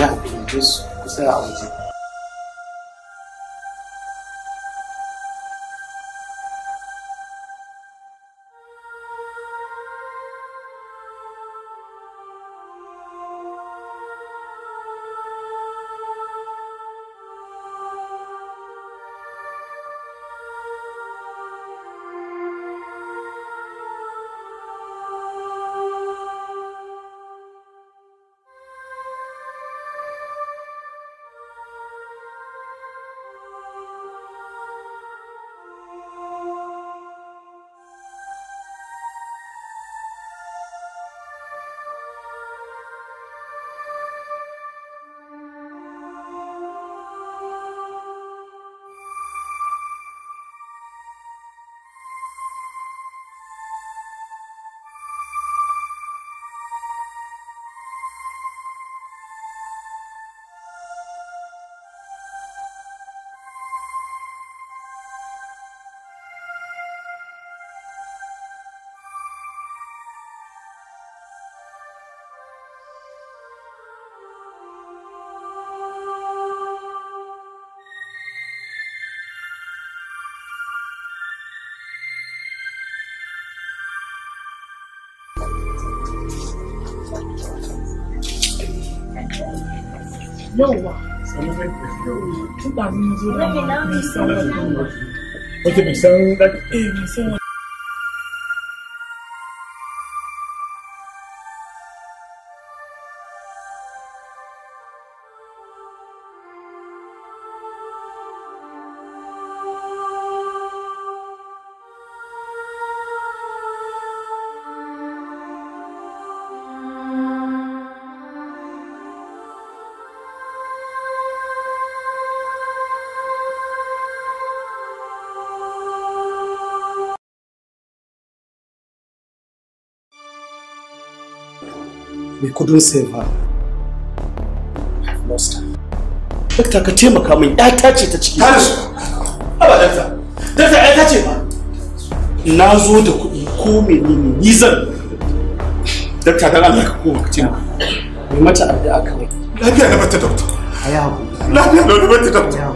ya haƙuri su kusa a waje yauwa tun da mun zo da We couldn't save her. I've lost her. ka taimaka min ƴata ce ta ciki. Tare su. Aba dakta. Dakta ƴata ce ba. Na zo da kuɗi ko like ni zan. Dakta dan Allah ka A ka I'm not a doctor. kawai. Lafiya na mata dokta. Ayi hakuri. na mata dokta.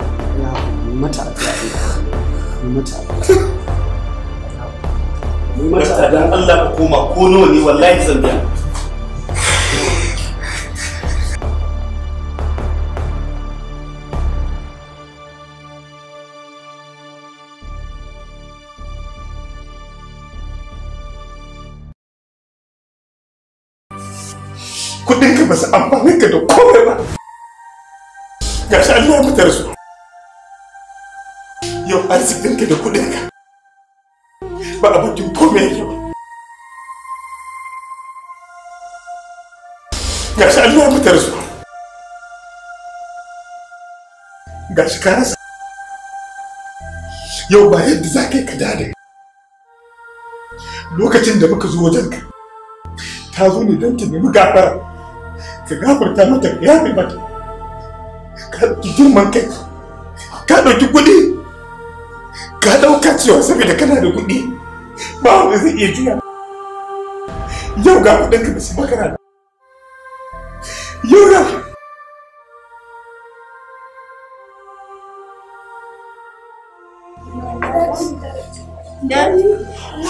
mata Dan Allah koma ko nawa ne wallahi zan biya. ba abokin kome yake ba ga shi alluwar mutar su ga shi karasa yau ba yadda za ka yi ka dade lokacin da muka zo wajenka ta zo ne don ta nemi gafara ka gafarta mata ka yafe mata ka ɗauki girman kai ka ɗauki kuɗi ka ɗauka cewa saboda kana da kuɗi ba wanda zai iya juya yau ga kudin ka basu makara yau ga Daddy,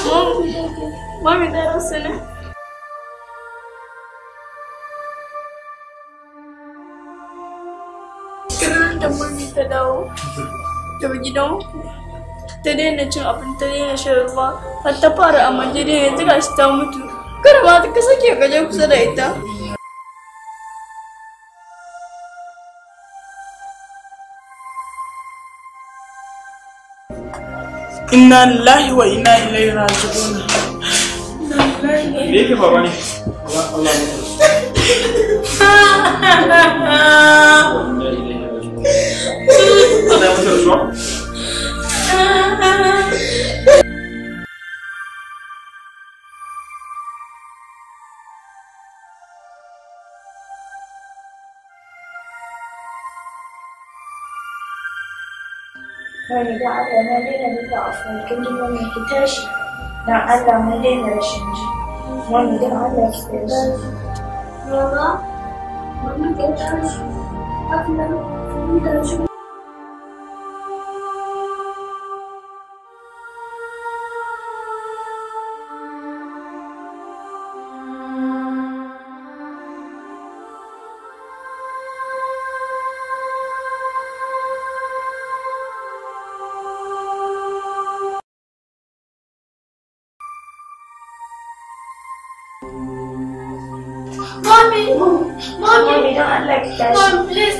mommy, mommy, mami ta dawo daga gidanku. ta daina cin abin ta daina shan ruwa har ta fara amman jini yanzu gashi ta mutu kada ma ta sake ka je kusa da ita inna lahi wa ina ilaihi raji'un me yake Allah Allah wani da Allah na daina duka a farkon duka mai ki tashi don Allah mun daina rashin ji wani da Allah ki tashi. Baba, wani ka tashi, haka da rashin Mami, don Allah ki please,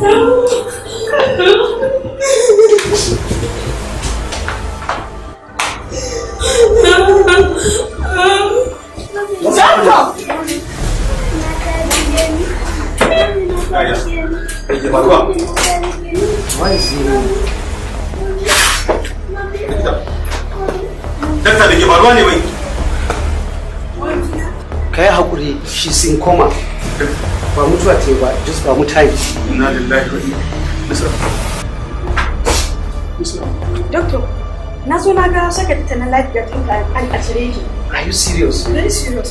no. just samu time inna lillahi wa inna doctor na zo na ga saka ta na life tun ɗinka an a cire ki are you serious serious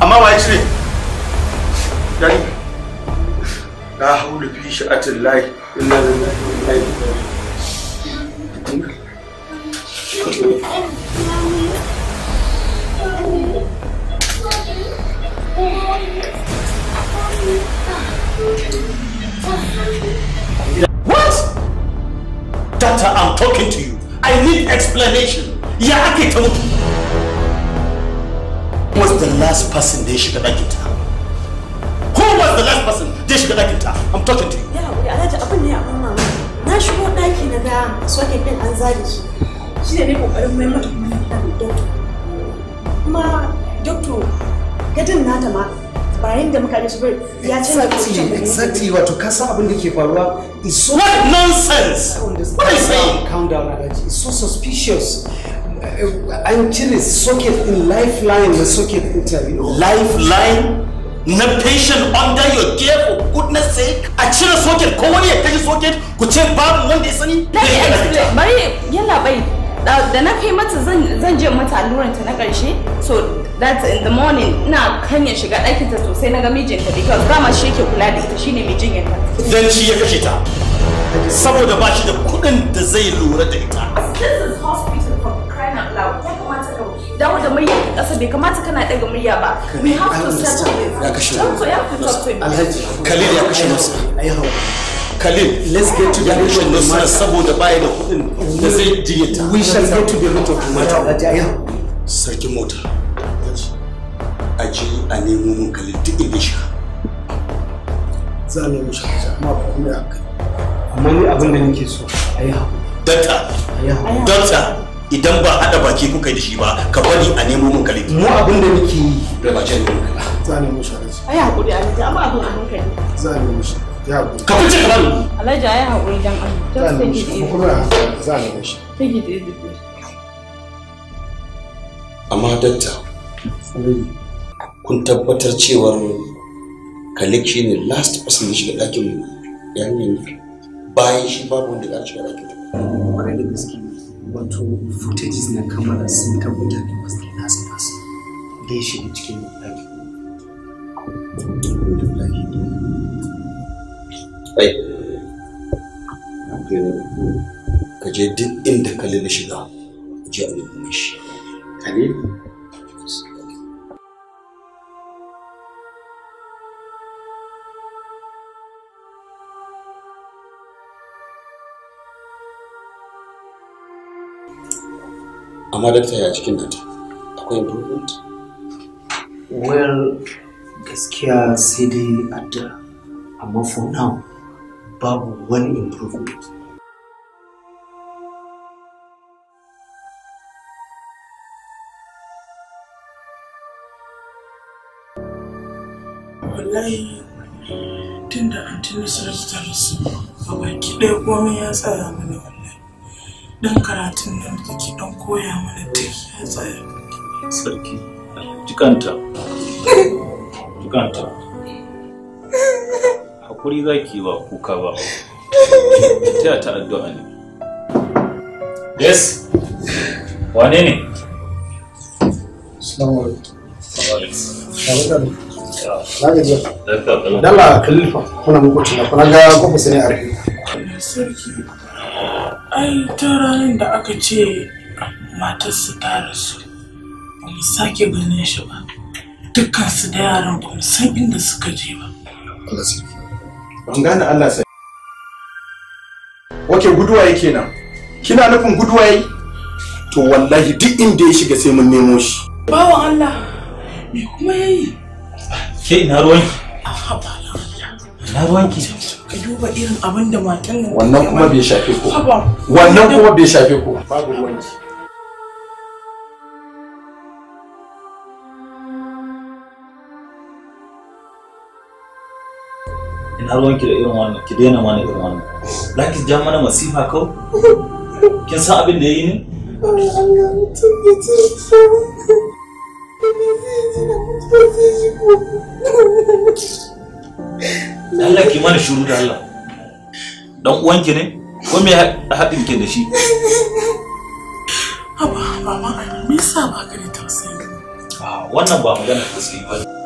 amma wa cire dani haula fi wato ka san abin da ke faruwa is so what nonsense what are you saying calm down Alhaji it's so suspicious an uh, cire socket in lifeline da socket ɗinta you know lifeline na patient under your care for goodness sake a cire socket ko wani ya kaji socket ku ce babu wanda ya sani bari yana bai da na kai mata zan je mata alluranta na karshe so that in the morning ina ya shiga ɗakinta sosai na ga mijinta because ma shi yake kula da ita shine mai ta. dan shi ya kashe ta saboda ba shi da kuɗin da zai lura da ita this is hospital for crying out loud ya kamata ka dawo da murya ka ƙasa bai kamata kana ɗaga murya ba we have to settle this ya kashe Khalil ya kashe masu ayi hawa Khalil ya rushe Nusra saboda baya da kuɗin da zai jiyata. We shall get to the root of the matter. Sarki mota. A a nemo mun Khalil duk inda shi. Za Idan ba haɗa baki kuka yi da shi ba, ka bari a nemo mun kalli. Mu abin da nake yi. ce mun shi Ai haƙuri a amma abin shi. ka fice ka bani alhaji ayi haƙuri dan Allah sai ki za shi amma dakta kun tabbatar cewar kalik ne last person da shiga ɗakin yarinyar ne bayan shi babu wanda ya shiga ɗakin kwarai da gaske wato footages na kamara sun tabbatar da wasu last person da ya cikin kai ka je duk inda kalli na shiga je a nemi shi kalilu amma dakta ya cikin nata akwai improvement? well gaskiya sai dai addu'a amma for now babu wani improvement wallahi tun da antin nasarar ta rasu a baki ɗaya komai ya tsaya mana wallahi don karatun nan da ke don koya mana ta ya tsaya sarki jikanta jikanta hakuri zaki ba kuka ba ta ta addu'a ne yes wane ne ne a ta ranar da aka ce matarsa ta rasu ba mu sake ganin shi ba dukkan su da yaran ba mu san inda suka je ba ban gane Allah sai wake guduwa yake nan kina nufin guduwa yi to wallahi duk inda ya shiga sai mun nemo shi bawan Allah me kuma yayi ke ina ruwan ina ruwan ki ka duba irin abin da matan nan wannan kuma bai shafe ku wannan kuma bai shafe ku babu ruwan ki na ruwanki da irin wannan ki daina mana irin wannan za ki ja mana masifa kau kin san abin da ya yi ne Allah ki mana shuru da Allah dan uwanki ne ko me haɗin ki da shi Aba, mama, me yasa ba ka da tausayi? Ah, wannan ba magana tausayi ba.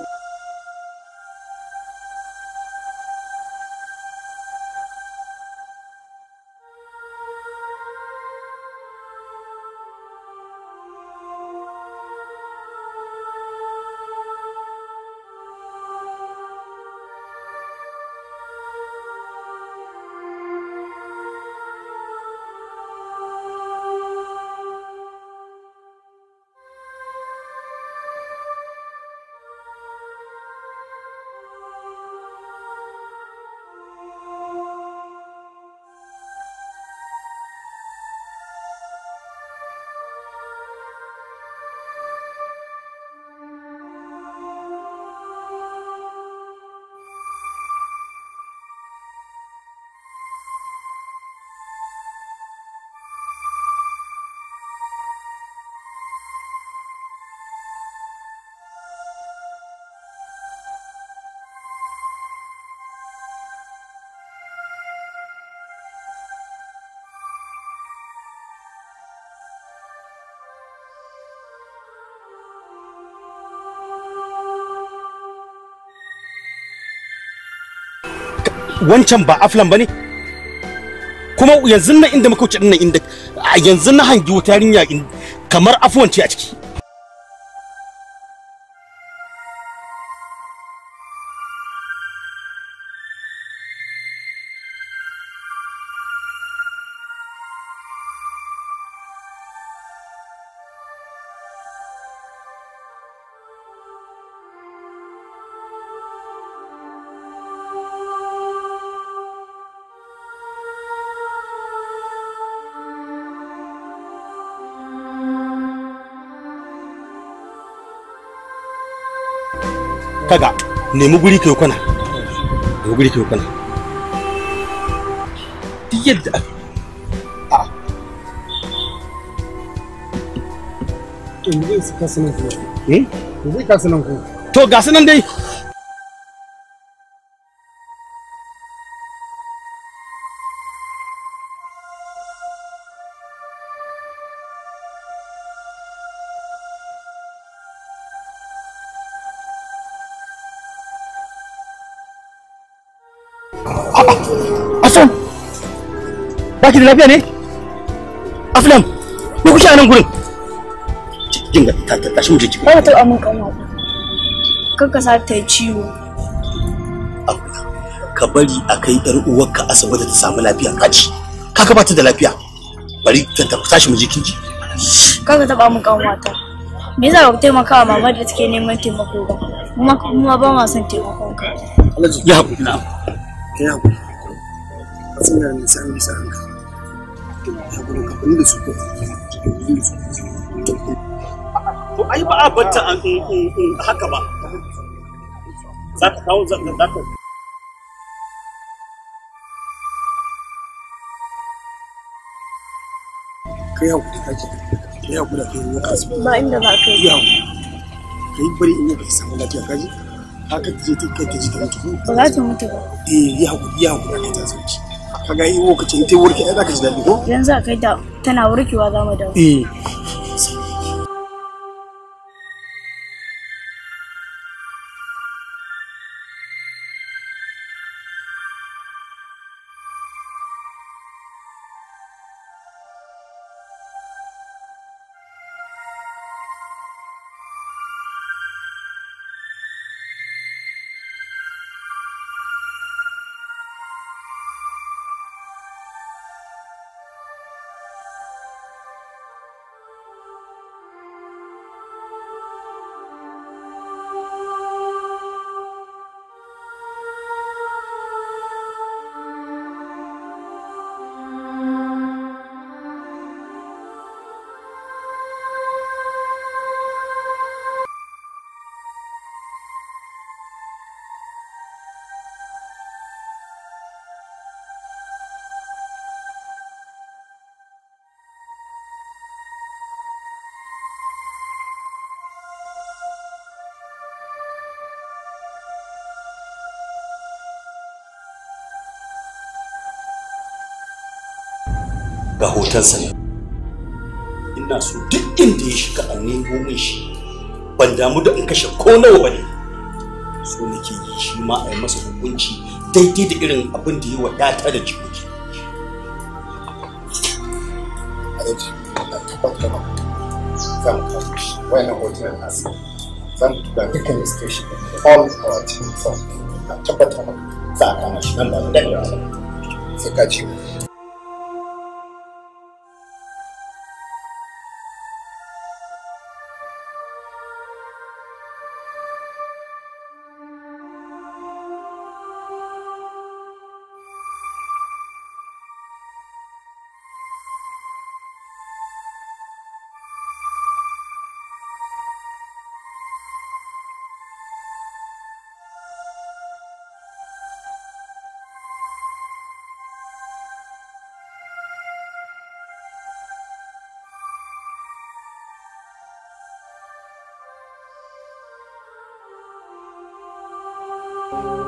wancan ba aflan bane kuma yanzu nan inda muka wuce dinnan inda yanzu na hangi wuta yarinya kamar afuwan ce a ciki kaga nemi guri kai kwana nemi guri kai kwana duk yadda a to zai kasa nan ko to ga sanan dai baki da lafiya ne aflam me kuke a nan gurin dinga ta tashi mu jiki ba ta amin kanwa kanka sa ta ciwo ka bari a kai yar uwarka asibiti ta samu lafiya ka ci ka ba ta da lafiya bari ta ta tashi mu jikin ji ka ka taba mu kanwata me yasa ba taimaka wa mama da take neman taimako ba kuma kuma ba ma son taimakon ka ya hakuri na ya hakuri a tsinar nisan nisan ka amfani da su to ai ba a an haka ba za ka kawo za ka kai kake kai kai ba inda kai kai bari in samu lafiya kaji haka je ta kai ta ji ta mutu ba za ta mutu ba eh ya ya kai ta kaga yi lokacin ta warke ai zaka ji daɗi ko yanzu a kai ta tana warkewa za mu dawo eh matarsa ne ina so duk inda ya shiga a nemo min shi ban damu da in kashe ko nawa ba ne so nake yi shi ma a yi masa hukunci daidai da irin abin da ya wadata da jikoki zan kawo shi wayannan hotunan nasu zan tura dukkan institution all our team from tabbatar maka za a kama shi nan ba da daɗewa sai ka ce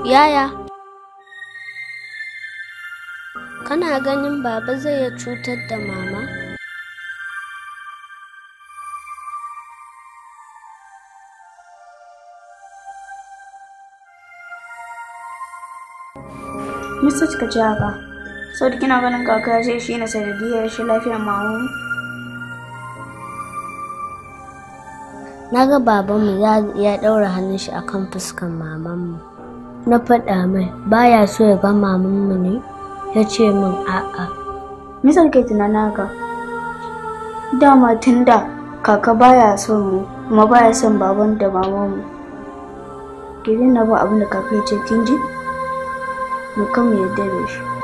Yaya, kana ganin baba zai ya cutar da mama? Mista cika ci haka, sau da kina ganin kaka ce shi na sanadiyar shi lafiyar mamu? Na ga babanmu ya daura hannun shi a kan fuskan mamanmu. Na faɗa mai baya so ya ga mamanmu ne, ya ce min a'a. Misal kai tunanin ka dama tun da kaka baya so mu kuma baya son baban da mamanmu. Ki na ba abin da kaka ya ce kin ji? Mu kan mu yadda da shi.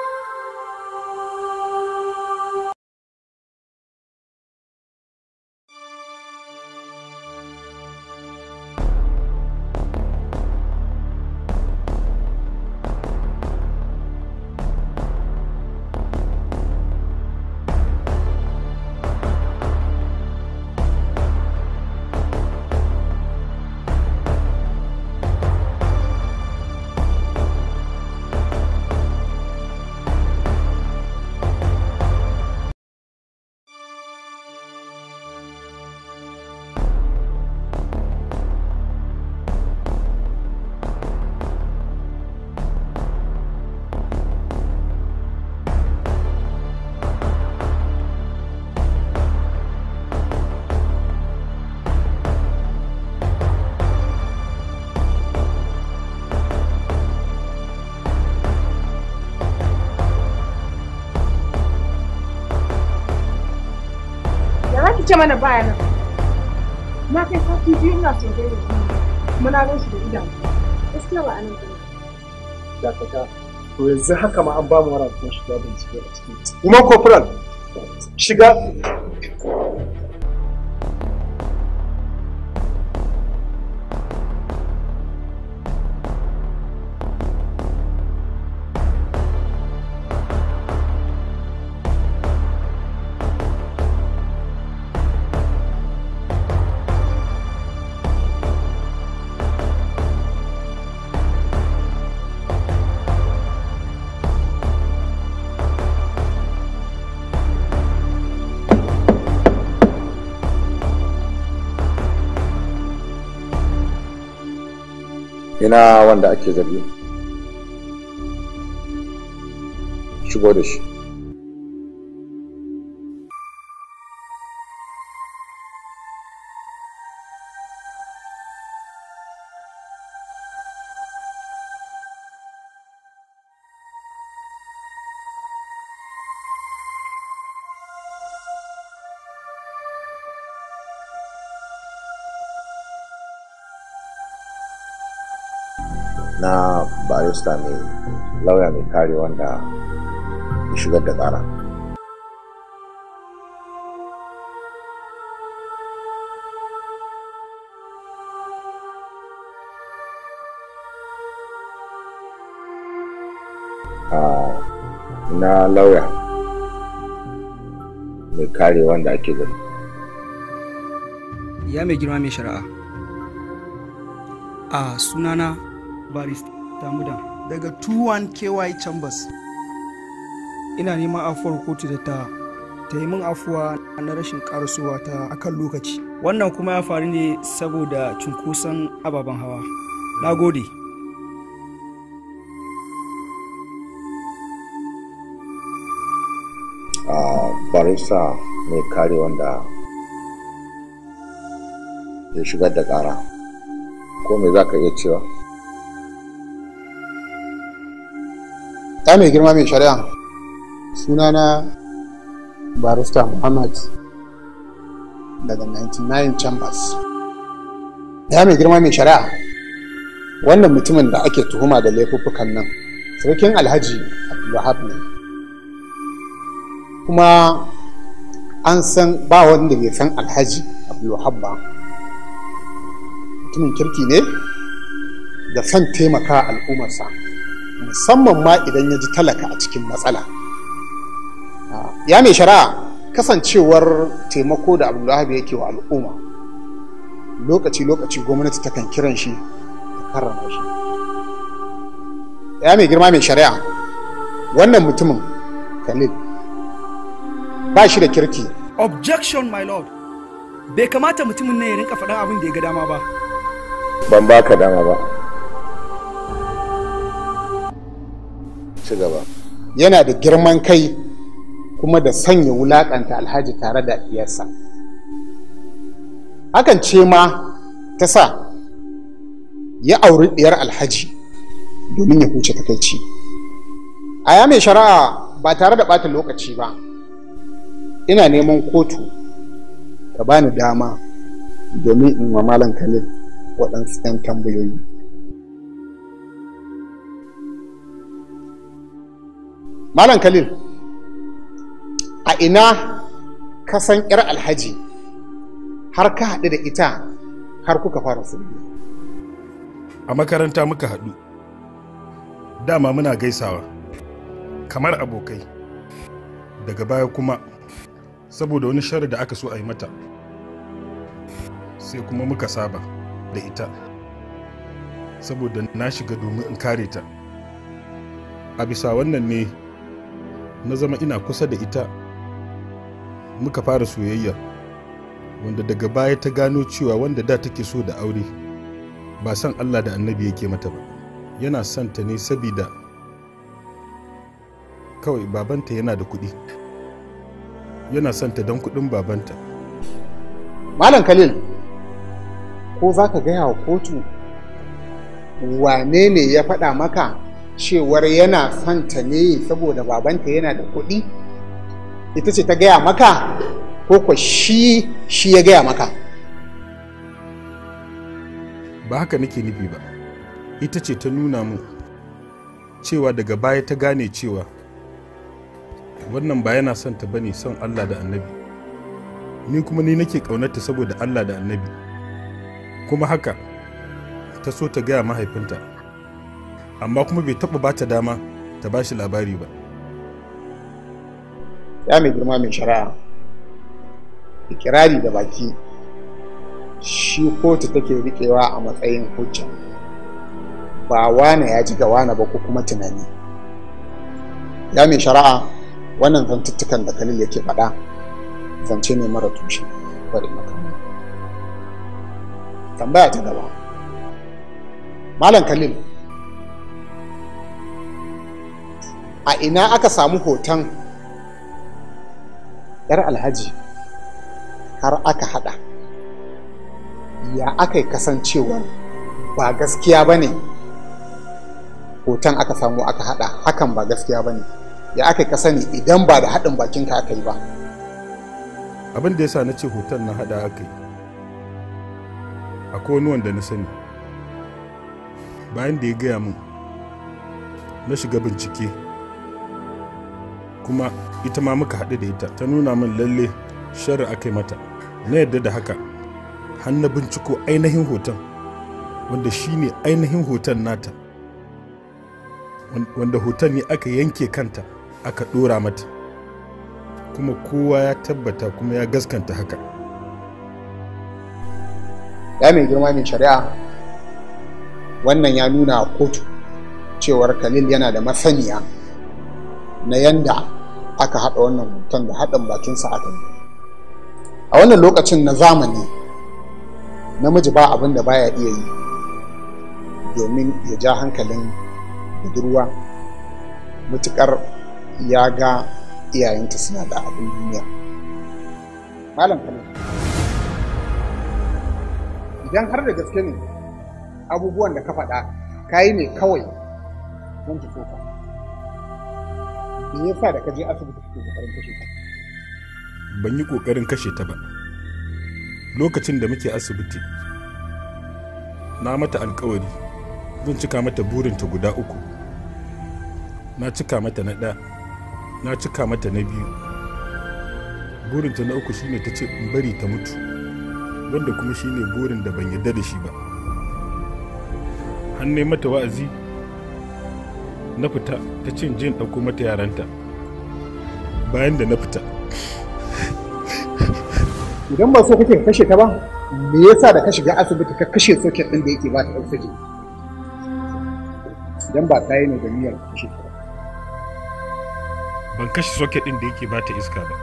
ce mana bayanan na kai sati biyu ina soyayya da shi muna gan shi da idan gaskiya ba anan ba kaka to yanzu haka ma an ba mu wara kuma shiga bincike a cikin kuma corporal shiga ina wanda ake zargi shigo da shi su sami lauya mai kare wanda ya shigar da tsara. na lauya mai kare wanda ake gani ya mai girma mai shari'a a sunana barista Damudan daga 21 ky chambers ina neman afuwar kotu da ta ta yi min afuwa na rashin karasuwa ta akan lokaci wannan kuma ya faru ne saboda cunkoson ababen hawa na gode barista mai kare wanda ya shigar da ƙara ko me za ka iya cewa ya mai girma mai shari'a sunana barista muhammad daga 99 chambers ya mai girma mai shari'a wannan mutumin da ake tuhuma da laifuffukan nan sarkin alhaji abdulwahab ne kuma an san ba wanda bai san alhaji abdulwahab ba mutumin kirki ne da son taimaka al'ummarsa musamman ma idan ya ji talaka a cikin matsala ya mai shari'a kasancewar taimako da abdullahi yake wa al'umma lokaci-lokaci gwamnati ta kan kiran shi ta karrama shi ya mai girma mai shari'a wannan mutumin khalil ba shi da kirki objection my lord bai kamata mutumin nan ya rinka faɗan abin da ya ga dama ba ban ba ka dama ba ci gaba yana da girman kai kuma da sanya wulaƙanta alhaji tare da iyarsa hakan ce ma ta sa ya auri ɗiyar alhaji domin ya huce takaici a ya mai shari'a ba tare da ɓata lokaci ba ina neman kotu ka bani dama domin in wa malam khalil waɗansu 'yan tambayoyi malam khalil a ina ka san yar alhaji har ka haɗu da ita har kuka fara sulhu a makaranta muka haɗu dama muna gaisawa kamar abokai daga baya kuma saboda wani sharri da aka so a yi mata sai kuma muka saba da ita saboda na shiga domin in kare ta a bisa wannan ne na zama ina kusa da ita muka fara soyayya wanda daga baya ta gano cewa wanda da take so da aure ba son allah da annabi yake mata ba yana son ta ne sabida kawai babanta yana da kuɗi yana son ta don kuɗin babanta malam kalil ko za ka gaya wa kotu wane ne ya faɗa maka cewar yana son ta ne saboda babanta yana da kuɗi ita ce ta gaya maka ko ko shi shi ya gaya maka ba haka nake nufi ba ita ce ta nuna mu cewa daga baya ta gane cewa wannan ba yana son ta bane son Allah da annabi ni kuma ni nake ƙaunarta saboda Allah da annabi kuma haka ta so ta gaya mahaifinta amma kuma bai taɓa ba ta dama ta ba shi labari ba ya mai girma mai shari'a ikirari da baki shi kotu take riƙewa a matsayin hujja ba wane ya ji ga wane ba ko kuma tunani ya mai shari'a wannan zantuttukan da kalil yake faɗa zance ne mara tushe bari makamu tambaya ta gaba malam khalil a ina aka samu hoton yar alhaji har aka hada ya aka yi kasancewa ba gaskiya ba ne hoton aka samu aka hada hakan ba gaskiya ba ne ya aka yi kasani idan ba da haɗin bakinka aka yi ba abin da ya sa na ce hoton na hada aka yi akwai wani wanda na sani bayan da ya gaya min na shiga bincike kuma ita ma muka haɗu da ita ta nuna min lalle shara aka yi mata na yadda da haka hannu binciko ainihin hoton wanda shi ne ainihin hoton nata wanda hoton ne aka yanke kanta aka ɗora mata kuma kowa ya tabbata kuma ya gaskanta haka ya mai girma mai shari'a wannan ya nuna kotu cewar khalil yana da masaniya na yanda aka haɗa wannan hoton da haɗin bakinsa aka yi a wannan lokacin na zamani namiji ba abin da baya iya yi domin ya ja hankalin budurwa mutukar ya ga iyayenta suna da abin duniya malam idan har da gaske ne abubuwan da ka faɗa ka yi ne kawai don ta me yasa da ka je asibiti kake kokarin kashe ta ban yi ƙoƙarin kashe ta ba lokacin da muke asibiti na mata alkawari zan cika mata burinta guda uku na cika mata na ɗaya na cika mata na biyu burinta na uku shine ta ce in bari ta mutu wanda kuma shine burin da ban yarda da shi ba nemi mata wa'azi na fita ta cin jin ɗauko mata yaranta bayan da na fita idan ba so kake kashe ta ba me yasa da ka shiga asibiti ka kashe soket ɗin da yake ba ta oxygen idan ba yi ne da niyyar kashe ta ban kashe soket ɗin da yake ba ta iska ba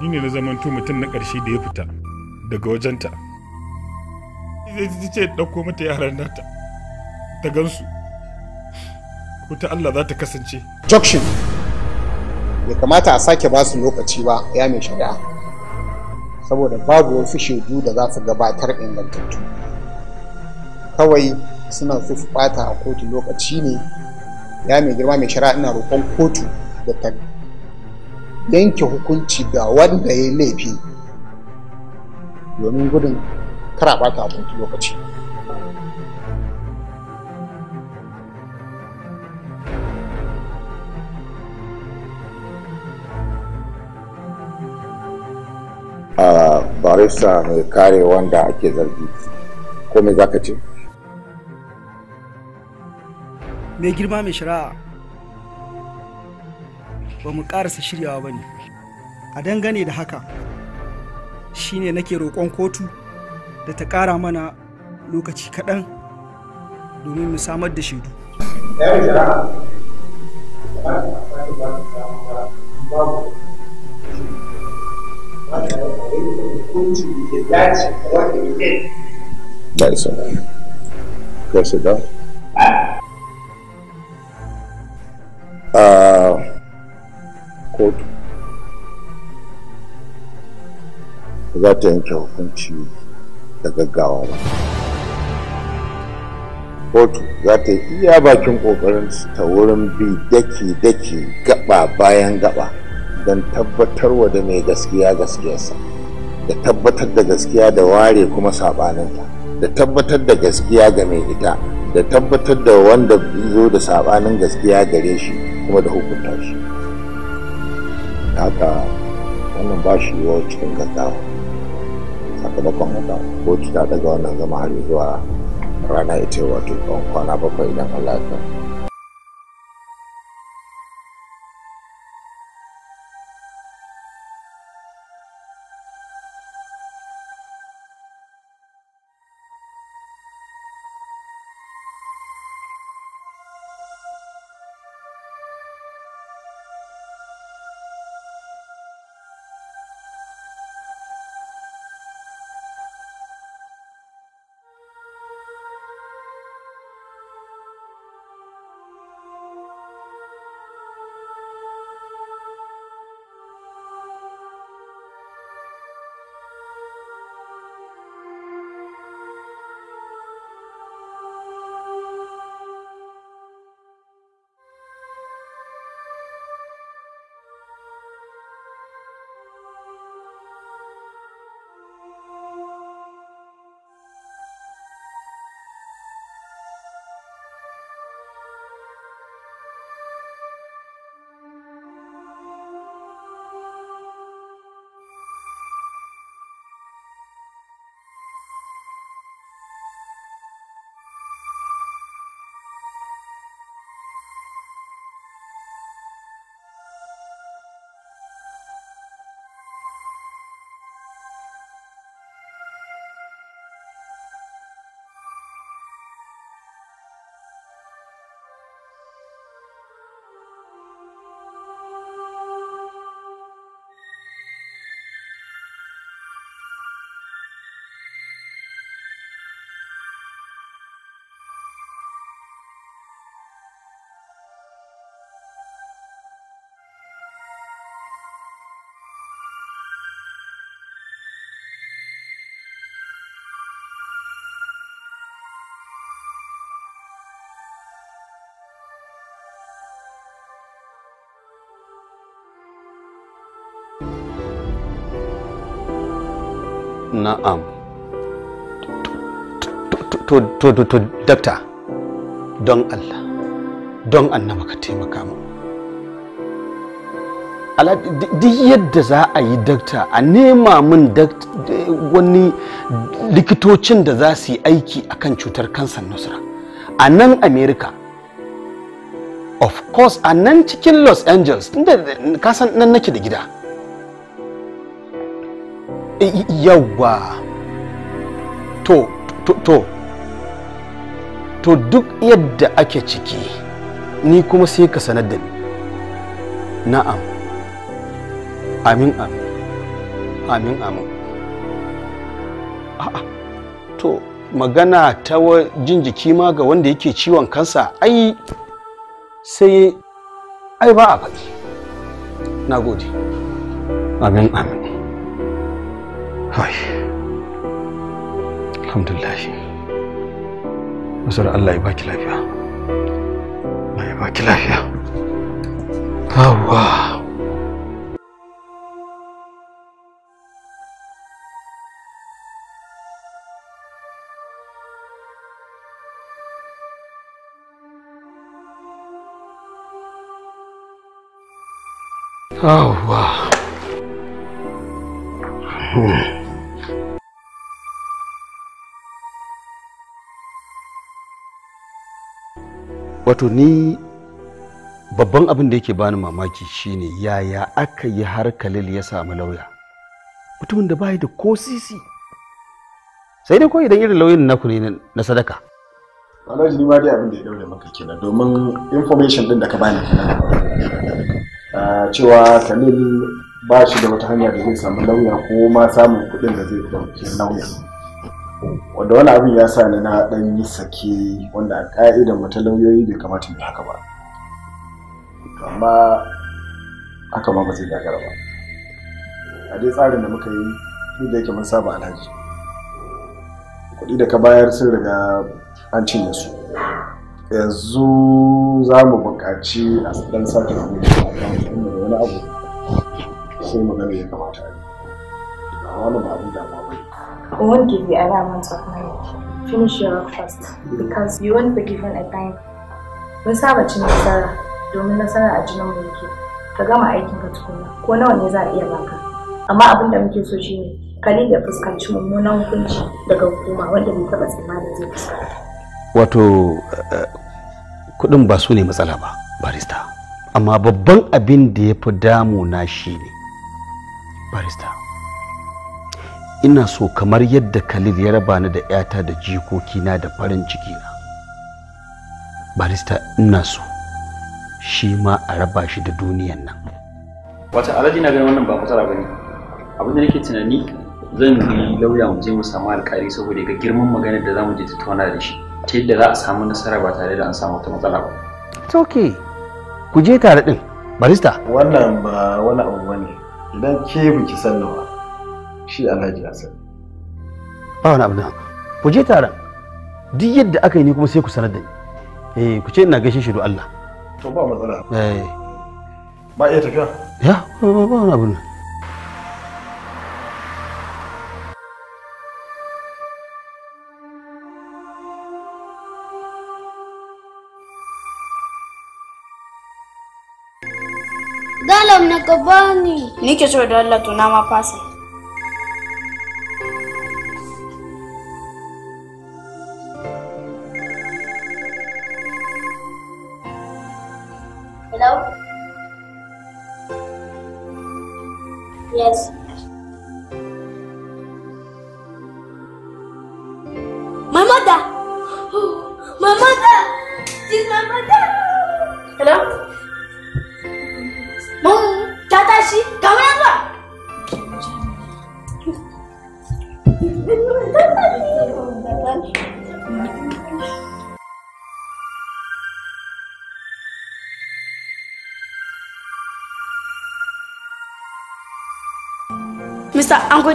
ni ne na zamanto mutum na ƙarshe da ya fita daga wajenta zai ce ɗauko mata yaran nata ta gansu wuta Allah za ta kasance. Junction bai kamata a sake ba su lokaci ba ya mai shari'a saboda babu wasu shaidu da za su gabatar ingantattu kawai suna so su bata a kotu lokaci ne ya mai girma mai shari'a ina roƙon kotu da ta yanke hukunci ga wanda ya laifi domin gudun kara bata a kotu lokaci. barista mai kare wanda ake zargi ko me zaka ce mai girma mai shari'a ba mu karasa shiryawa ba ne a dangane da haka shine nake roƙon kotu da ta ƙara mana lokaci kaɗan domin mu samar da shaidu you. da Ah. A kotu za yanke hukunci da gaggawa ba. kotu za ta yi iya bakin kokarin ta wurin bi daki-daki gaɓa bayan gaɓa. don tabbatarwa da mai gaskiya gaskiyarsa da tabbatar da gaskiya da ware kuma saɓaninta da tabbatar da gaskiya ga mai ita da tabbatar da wanda zo da saɓanin gaskiya gare shi kuma da hukunta shi haka wannan ba shi yiwuwa cikin gaggawa sakamakon haka kotu ta daga wannan zama har zuwa rana ita wato kwana bakwai idan allah ya na'am to to to dakta don Allah don annaba ka taimaka mu duk yadda za a yi dakta a nema min wani likitocin da za su yi aiki akan cutar kansar nusra a nan america of course a nan cikin los angeles inda kasan nan nake da gida yawwa to to to to duk yadda ake ciki ni kuma sai ka sanar da ni na'am amin amin amin amin a'a to magana ta jin jiki ma ga wanda yake ciwon kansa ai sai ai ba a faɗi na gode amin amin هاي الحمد لله وسر الله يبارك لك يا الله يبارك لك يا الله Oh, wow. Hmm. wato ni babban abin da yake bani mamaki shine yaya aka yi har kalil ya samu lauya mutumin da bai da ko sisi sai dai ko idan irin lauyin naku ne na sadaka alhaji ni ma dai abin da ya daure maka kenan domin information din da ka bani ah, cewa kalil ba shi da wata hanya da zai samu lauya ko ma samun kuɗin da zai dauke lauya wanda wani abin ya sa ni na dan yi sake wanda a ka'idar mata lauyoyi bai kamata mu haka ba amma haka ma ba zai gagara ba a dai tsarin da muka yi ni da yake mun saba alhaji kuɗi da ka bayar sun riga an cinye su yanzu za mu buƙaci a ɗan sake yi da wani abu sai magana ya kamata a yi ba wani ba abin da ba I won't give you other amounts of money. Finish your work first, because you won't be given a time. Mun saba cin nasara, domin nasara a jinin mulki. Ka gama aikin ka tukuna, ko nawa ne za a iya baka. Amma abin da muke so shine ka da fuskanci mummunan hukunci daga hukuma wanda bai taɓa tsammanin zai fuskanta. Wato eh, kuɗin ba su ne matsala ba, barista. Amma babban abin da ya fi damu na shi ne, barista. ina so kamar yadda khalil ya raba ni da 'yata da jikokina da farin cikina barista ina so shi ma a raba shi da duniyan nan wata alhaji na ganin wannan ba matsala ba ne abin da nake tunani zan yi lauya mu je mu samu alkali saboda ga girman maganar da zamu je tattauna da shi ta yadda za a samu nasara ba tare da an samu wata matsala ba it's okay ku je tare din barista wannan ba wani abu bane idan ke biki sallawa shi alhaji hassan ba wani abu ku je taron duk yadda aka yi ne kuma sai ku sanar da ni eh ku ce ina gaishe shi da Allah to ba matsala eh ba iya tafiya ya ba wani abu ne Dalam na gabani. Nike so da Allah to na ma fasa.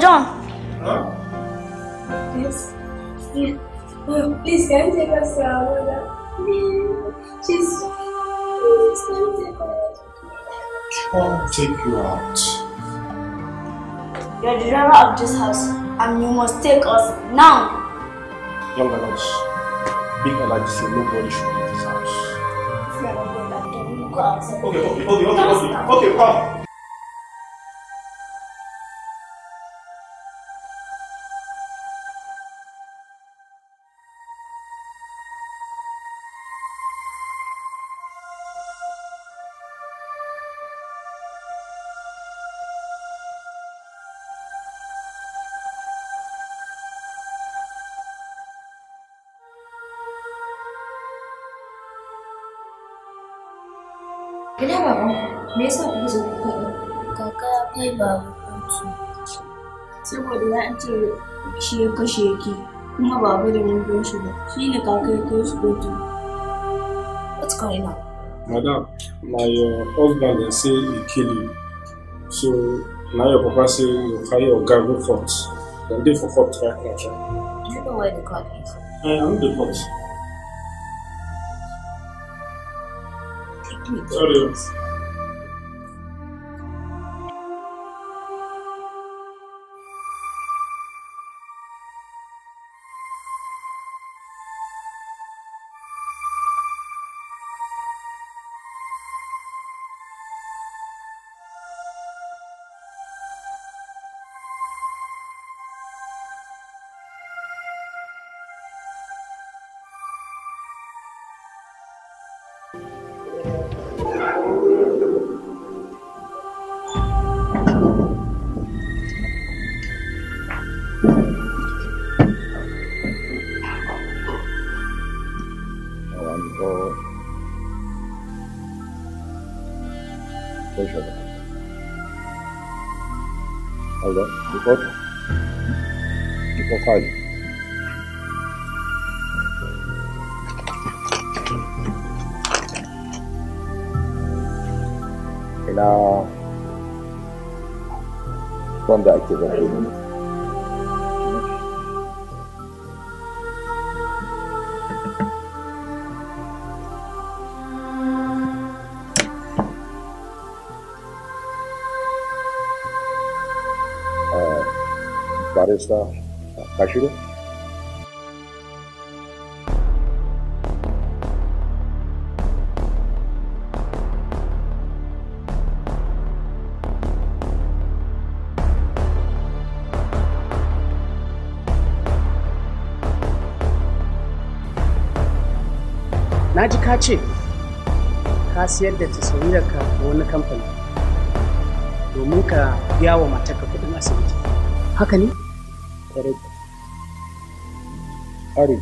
John. Huh? Yes. Oh, please, can you take us uh, out, Please. She's. Please, can take us? I'll take you out. You're the driver of this house, and you must take us now. Young girls, big allergies say nobody should leave this house. Okay, okay, okay, okay, okay, okay, come. ce shi ya kashe ki kuma ba da wani shi ba shi ne kaka ya kai shi what's going on madam my uh, husband dey say he kill you so now your papa say you carry your guy go court dem dey for court right now you know where the court is. Eh, i am the court. sorry. pardon. And now, to barista Ka ji ka ce ka siyar da tasawirarka ga wani kamfani domin ka biya wa mataka kudin asibiti haka ne kare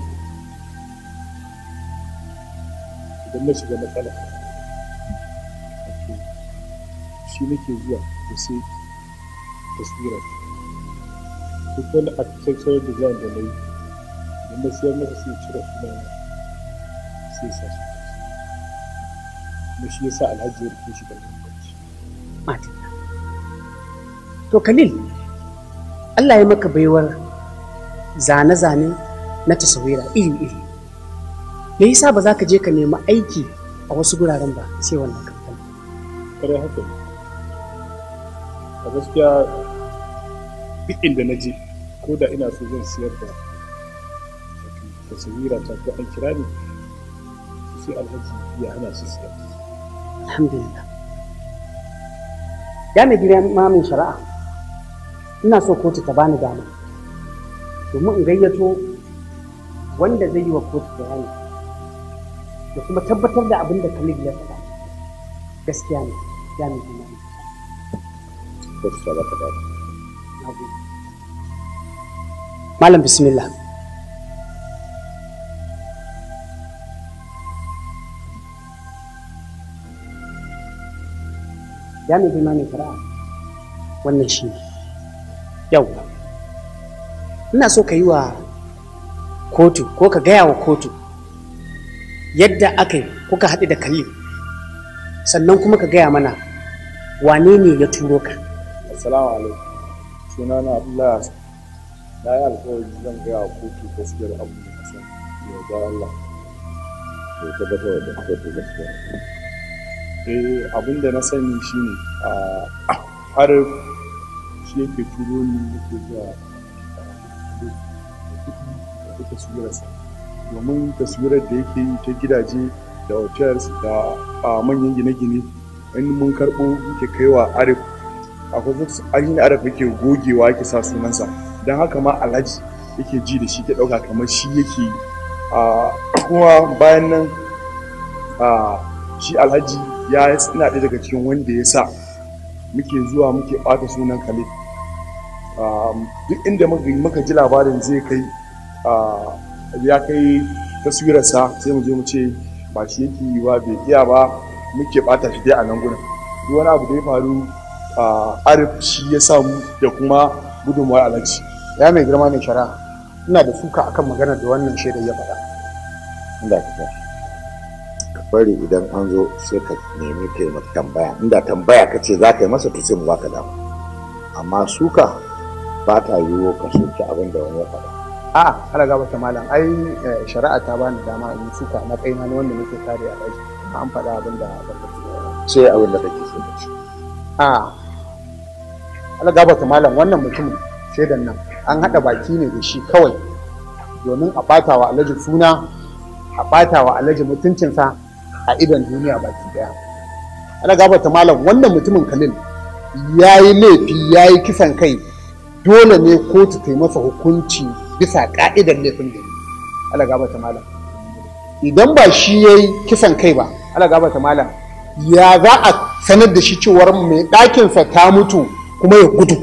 idan na shiga matsala shi nake zuwa da sai taswirar duk wani architectural design da na yi idan na siyar masa sai cire suna sai sa su na shi ya sa alhaji ya rike shi da lokaci matinka to kalil Allah ya maka baiwar zane-zane na tasawira iri-iri me yasa ba za ka je ka nemi aiki a wasu guraren ba sai wannan kamfani kare haka a gaskiya duk inda na je ko da ina so zan siyar da tasawira ta ko an kira ni sai alhaji ya hana su siyar alhamdulillah ya mai gidan mamin shari'a ina so kotu ta bani dama domin in gayyato wanda zai yi wa kotu bayani da kuma tabbatar da abin da kalib ya faɗa gaskiya ne ya mai imani gaskiya ba ta dace malam bismillah ya mai ne fara'a wannan shi ne yau ina so ka yi wa kotu ko ka gaya wa kotu yadda aka yi kuka haɗu da kalli sannan kuma ka gaya mana wane ne ya turo ka assalamu alaikum suna na abdullahi na yi alkawari zan gaya wa kotu gaskiyar abu da kasan ya ga allah ya tabbatar da kotu gaskiya eh abin da na sani shine a ah, har shi yake turo ni yake zuwa ta taswirarsa domin taswirar da yake yi ta gidaje da hotels da a manyan gine-gine in mun karɓo yake kaiwa arif akwai ainihin arif yake gogewa yake sa sunansa don haka ma alhaji yake ji da shi ke ɗauka kamar shi yake yi kuma bayan nan shi alhaji ya suna ɗaya daga cikin wanda ya sa muke zuwa muke ɓata sunan khalid duk inda muka ji labarin zai kai ya kai taswirarsa sai mu je mu ce ba shi yake yi wa bai iya ba muke bata shi dai a nan gudun duk wani abu da ya faru arif shi ya samu da kuma gudunmawar alaji ya mai girma mai shara. ina da suka akan magana da wannan shaidar ya faɗa inda ka ta ka bari idan an zo sai ka nemi taimaka tambaya inda tambaya ka ce za ka yi masa to sai mu ka dama amma suka ba ta yiwo ka soke abin da wani ya faɗa a ala ga ta malam ai eh, shari'a ta bani dama in yi suka kaina na wanda nake kare a daji an faɗa abin da ba ka sai abin da kake so ka ce a ala ga ta malam wannan mutumin da nan an haɗa baki ne da shi kawai domin a ɓata wa alhaji suna a ɓata wa alhaji mutuncinsa a idon duniya baki daya ana gabata malam wannan mutumin kalil ya yi laifi ya yi kisan kai dole ne kotu ta yi masa hukunci bisa ka'idar laifin da ala ta malam idan ba shi ya yi kisan kai ba ala ta malam ya za a sanar da shi cewar mai ɗakinsa ta mutu kuma ya gudu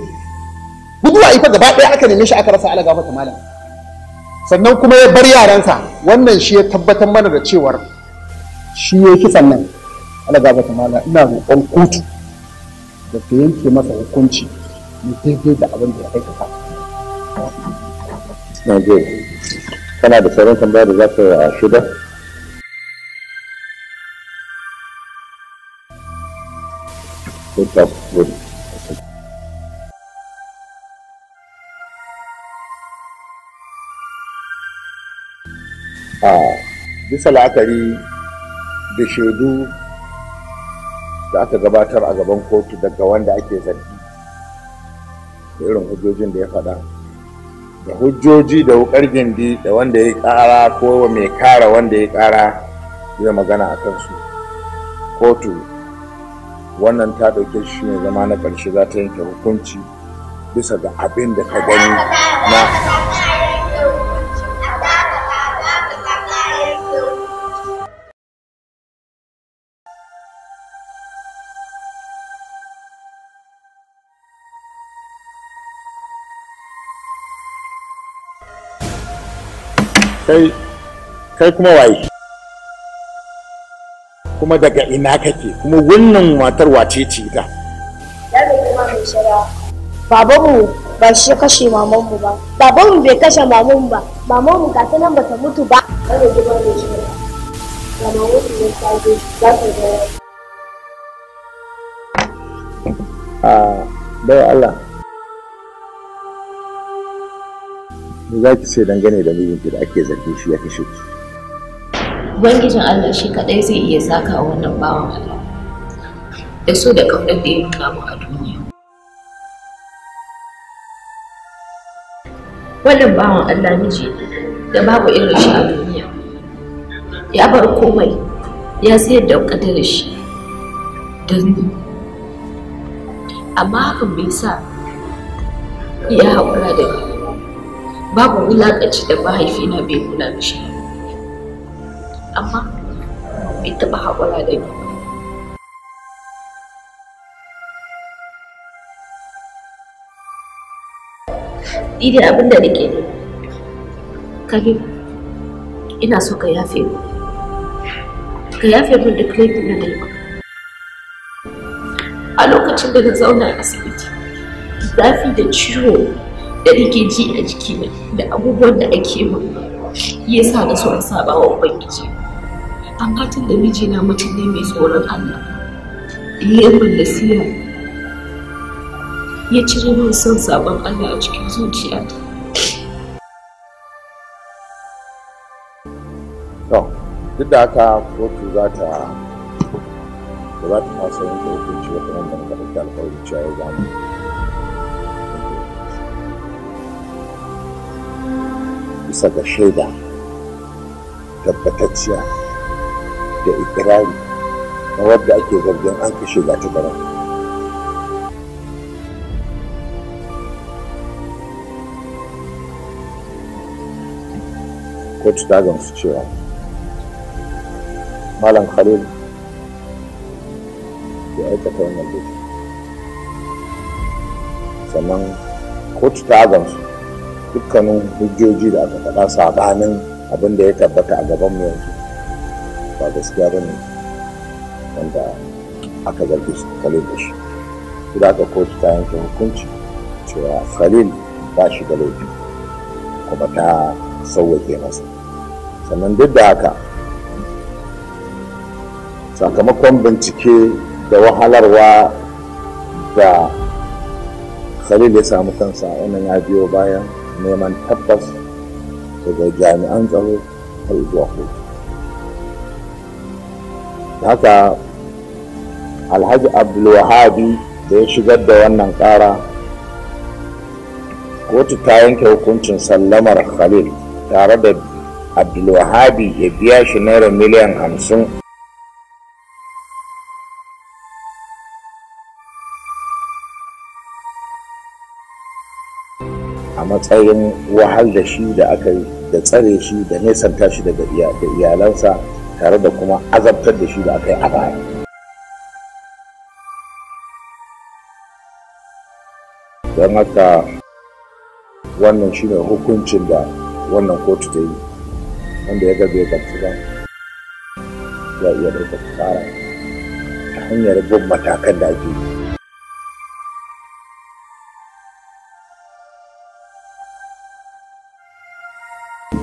Gudu a ifa gaba ɗaya aka neme shi aka rasa ala ta malam sannan kuma ya bar yaransa wannan shi ya tabbatar mana da cewar shi ya yi kisan nan ala ta malam ina roƙon kotu da ta yanke masa hukunci mu daidai da abin da ya aikata kana da sauran tambaya da za ka shida a bisa la'akari da shaidu da aka gabatar a gaban kotu daga wanda ake zargi da irin hujjojin da ya faɗa da hujjoji da wukar gindi da wanda ya kara ko mai kara wanda ya kara zai magana a kansu kotu wannan ta ɗauke shi ne zama na ƙarshe za ta yanke hukunci bisa ga abin da ka gani na kai kai kuma waye kuma daga ina kake kuma wannan matar wace ce ita babanmu ba shi kashe mamanmu ba babanmu bai kashe mamanmu ba mamanmu ga ta nan ba ta mutu ba a bai ah, Allah me za ki dangane da mijinki da ake zargin shi ya kashe ki ubangijin allah shi kadai zai iya saka wannan bawan allah da so da kaunar da ya nuna mu a duniya wannan bawan allah miji da babu irin shi a duniya ya bar komai ya sayar da kadarar shi don ni amma hakan bai sa ya haƙura da ni babu wulaƙaci da mahaifina bai kula da shi amma bai taɓa haƙura da ni ni dai abin da nake ne kage ina so ka yafe mu ka yafe min duk laifin da dai a lokacin da na zauna a asibiti zafi da ciwo da nake ji a jikina da abubuwan da ake min ya sa na so saba wa ubangiji an tun da mijina mutum ne mai tsoron allah ya da siya ya cire min son sabon allah a cikin to duk da haka kotu za ta ba za ta fasa yanke hukunci wata wanda muka ɗauki alƙawarin cewa ya bisa ga shaida tabbatacciya da ikirari na wadda ake zargin an kashe ga tubaran. kotu ta gamsu cewa malam khalil ya aikata wannan laifi sannan kotu ta gamsu dukkanin hujjoji da aka faɗa sabanin abin da ya tabbata a gaban mu yanzu ba gaskiya ba ne wanda aka zargi khalil da shi su da aka kotu ta yanke hukunci cewa khalil ba shi da laifi kuma ta sauwake masa sannan duk da haka sakamakon bincike da wahalarwa da khalil ya samu kansa wannan ya biyo bayan neman tabbas daga jami'an tsaro har zuwa kotu haka alhaji abdulwahabi da ya shigar da wannan ƙara kotu ta yanke hukuncin sallamar khalil tare da abdulwahabi ya biya shi naira miliyan hamsin matsayin wahal da shi da aka yi da tsare shi da nesanta shi daga iyalansa tare da kuma azabtar da shi da aka yi a baya don haka wannan shi ne hukuncin da wannan kotu ta yi wanda ya gabe gamsu ba ya iya ɗaukar tsara ta hanyar bin matakan da ake yi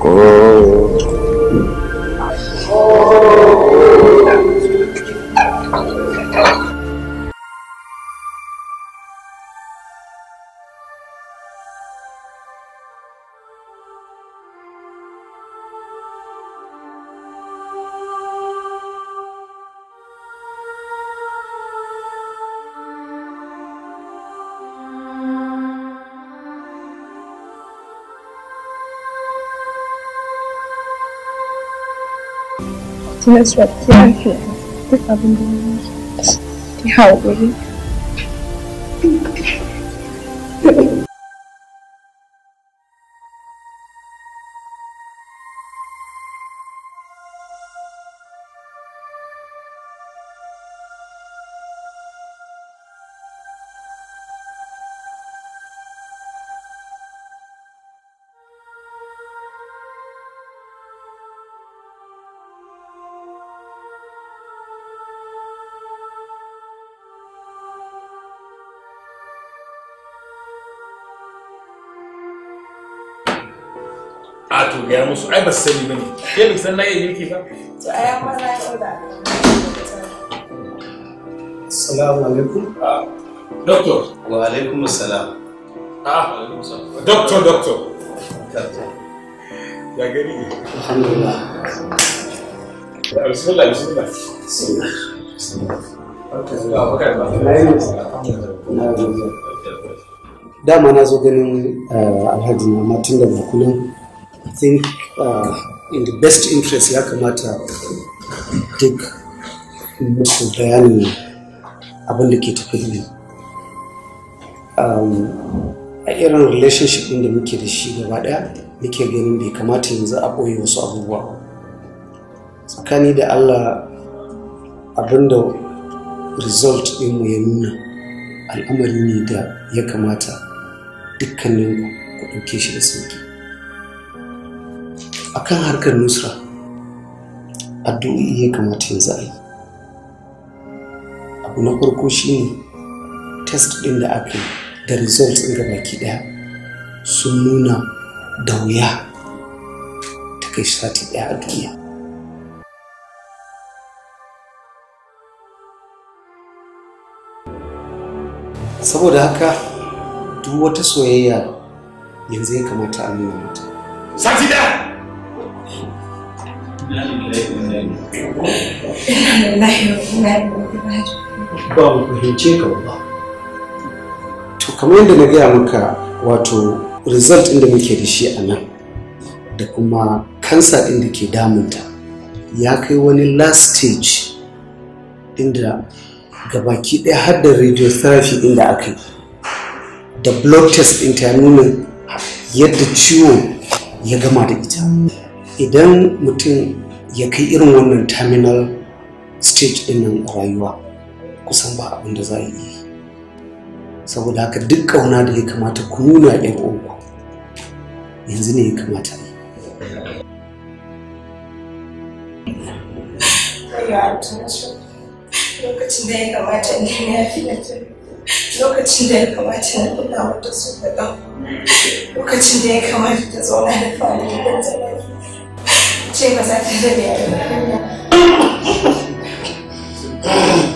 Oh. Tienes suerte al final. Te abandonas. Te ahogaré. musu ai ba su sani ba ne ke san ba to ai amma na assalamu alaikum ah, doctor wa alaikum assalam ah doctor doctor ya gani ne alhamdulillah bismillah bismillah dama na zo ganin eh, alhaji na matun da bakunan i think Uh, in the best interest ya kamata duk musu bayanin abin da ke tafi ne um, a irin relationship ɗin da muke da shi gaba daya muke ganin bai kamata yanzu a koyi wasu abubuwa tsakani da allah abin da result mu ya nuna al'amari ne da ya kamata dukkanin ku ɗauke shi da sauki akan harkar nusra addu'o'i ya kamata yanzu a abu na farko shine test ɗin da aka da results ɗin gaba ki daya sun nuna da wuya ta kai sati daya a duniya saboda haka duk wata soyayya yanzu ya kamata a nuna mata sati ɗaya. ba mu fahimce ka ba to kamar yadda na gaya maka wato result inda muke da shi a nan da kuma kansa ɗin da ke damunta ya kai wani last stage inda gabaki ɗaya har da radiotherapy ɗin da aka yi da blood test ɗin ta nuna yadda ciwon ya gama da ita idan mutum ya kai irin wannan terminal stage ɗinnan a rayuwa kusan ba abin da za a yi saboda haka duk ƙauna da ya kamata ku nuna yan uku yanzu ne ya kamata yi lokacin da ya kamata ne na fi lokacin da ya kamata na kula wata su da lokacin da ya kamata ta zauna da fa'idar da ce ba za ta rabe